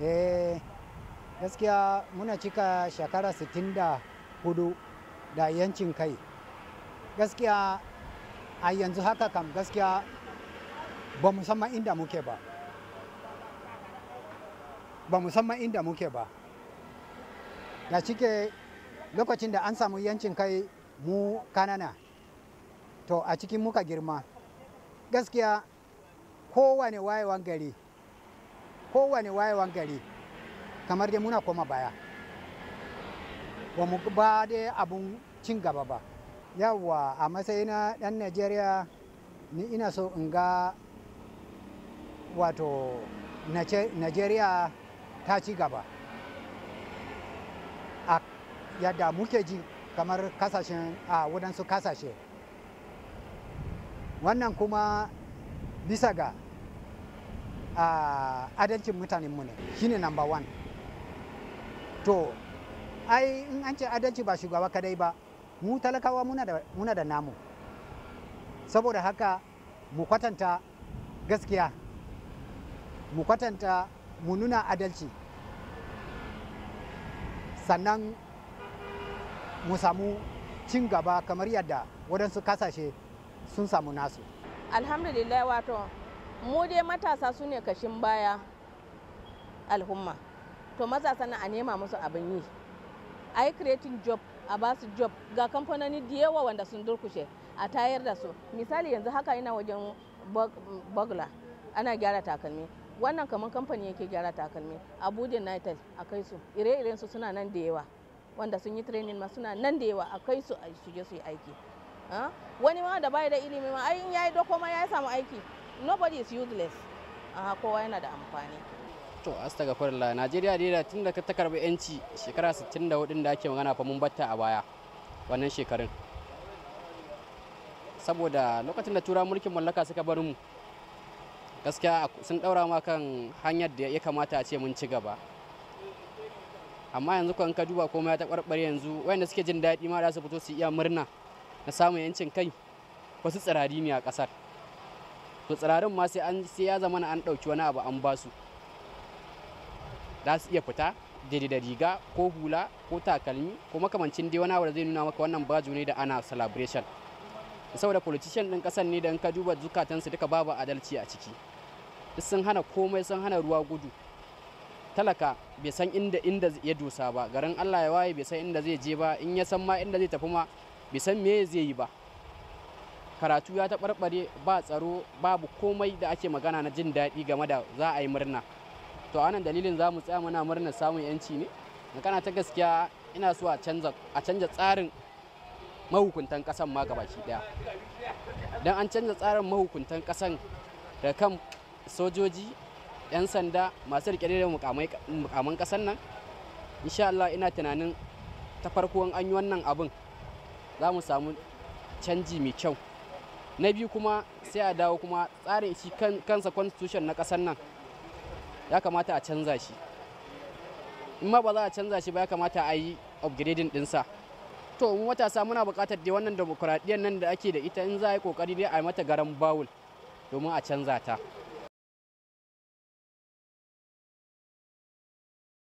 eh gaskiya muna cika shekara 64 da yancin kai gaskiya a yanzu haka kam gaskiya ba musamman inda muke ba ba musamman inda muke ba da cike lokacin da an samu yancin kai mu kanana to a cikin muka girma gaskiya kowane wayewan gari kowane wayewan gari kamar dai muna koma baya ba mu ba dai abun cin gaba ba yawwa a matsayina ɗan najeriya ni ina so in ga wato najeriya ta ci gaba a yadda muke ji kamar kasashen a waɗansu kasashe wannan kuma bisa ga Ah, adalcin mu ne shine number one to ai in an ce adalci ba shugaba kadai ba mu talakawa muna da namu saboda haka mu kwatanta gaskiya mu kwatanta mu nuna adalci sannan mu samu cin gaba kamar yadda waɗansu kasashe sun samu nasu alhamdulillah wato mu dai matasa su ne kashin baya al'umma to matasa na a nema musu abin yi a yi creating job a ba su job ga kamfanoni da yawa wanda sun durkushe a tayar da su misali yanzu haka ina wajen bagla ana gyara takalmi wannan kamar kamfani yake gyara takalmi abuja nitel a kai su ire-iren su suna nan da yawa wanda sun yi training ma suna nan da yawa a kai su a shige su yi aiki ah, wani ma da bai da ilimi ma ai in yayi doko ma ya samu aiki nobody is useless uh, kowa yana da amfani to astagfirullah najeriya dai da tun da ta karbi yanci shekara 64 da ake magana fa mun batta a baya wannan shekarun saboda lokacin da tura mulkin mallaka suka bar mu gaskiya sun daura ma kan hanyar da ya kamata a ce mun ci gaba amma yanzu kan ka duba komai ya taɓarɓare yanzu wayanda suke jin daɗi ma da su fito su iya murna na samun yancin kai wasu tsirari ne a ƙasar to tsirarin ma sai an sai ya zama an ɗauki wani abu an basu za su iya fita daidai da riga ko hula ko takalmi ko makamancin dai wani abu da zai nuna maka wannan baju ne da ana celebration saboda politician din kasan ne da in ka duba zukatansu duka babu adalci a ciki sun hana komai sun hana ruwa gudu talaka bai san inda inda ya dosa ba garin Allah ya waye bai san inda zai je ba in ya san ma inda zai tafi ma bai san me zai yi ba karatu ya taɓarɓare ba tsaro babu komai da ake magana na jin daɗi game da za a yi murna to anan dalilin za mu tsaya muna murna samun yanci ne kana ta gaskiya ina so a canza tsarin mahukuntan ƙasan ma gabaki ɗaya don an canza tsarin mahukuntan ƙasan da kan sojoji 'yan sanda masu rike da mukaman ƙasan nan insha Allah ina tunanin ta farko an yi wannan abin za mu samu canji mai kyau na biyu kuma sai a dawo kuma tsarin shi kansa constitution na ƙasar nan ya kamata a canza shi in ma ba za a canza shi ba ya kamata a yi upgrading ɗinsa to mu matasa muna buƙatar dai wannan demokuraɗiyyar nan da ake da ita in za a yi kokari dai a yi mata garan bawul domin a canza ta